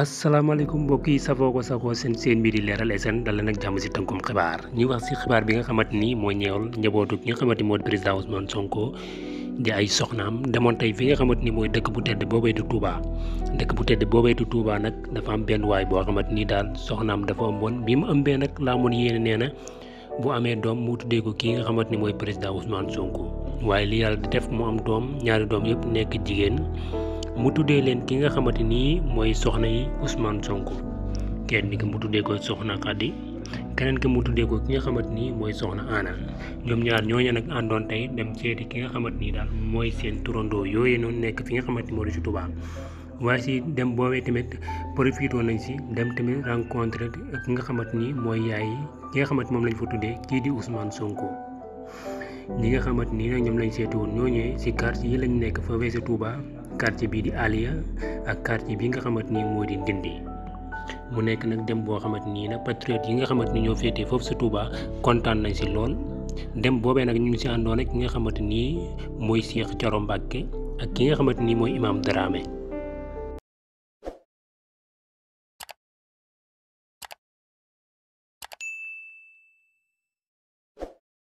asalaamaaleykum mbokk yi safoo ko safoo seen seen mbir yi leeral SN dal nag jàmm si tënkum xibaar ñuy wax si xibaar bi nga xamante ni moo ñeewal njabootu ki nga xamante ni moo président Ousmane Sonko ay soxnaam demoon fi nga xamante ni mooy dëkk bu tedd boobee di Touba dëkk bu tedd boobee di Touba nag dafa am benn waay boo xamante ni daal soxnaam dafa amoon bi mu ëmbee nag laa amoon yéene nee na bu amee doom mu tuddee ko kii nga xamante ni mooy président Ousmane Sonko waaye li yàlla di def mu am doom ñaari doom yëpp nekk jigéen. mu tuddee leen ki nga xamante nii mooy soxna yi Ousmane Sonko kenn ki mu tuddee ko soxna Khady keneen ki mu tuddee ko ki nga xamante ni mooy soxna Anna ñoom ñaar ñooñu nag àndoon tey dem seeti ki nga xamante ni daal mooy seen turandoo yooyu noonu nekk fi nga xamante ni moo di ci Touba. waaye si dem boobee tamit profité nañ si dem tamit rencontre ki nga xamante ni mooy yaay ki nga xamante moom lañ fa tuddee kii di Ousmane Sonko. ñi nga xamante ni nag ñoom lañ seeti woon ñooñee si quartier yi lañ nekk fa weesu Touba. quartier bii di Aliya ak quartier bii nga xamante ni moo di Ndindi mu nekk nag dem boo xamante nii nag patriote yi nga xamante ni ñoo féetee foofu sa Touba kontaan nañ si lool dem boobee nag ñu ngi si àndoon ak ki nga xamante nii mooy Cheikh Thioro Mbacké ak ki nga xamante ni mooy Imam Dramé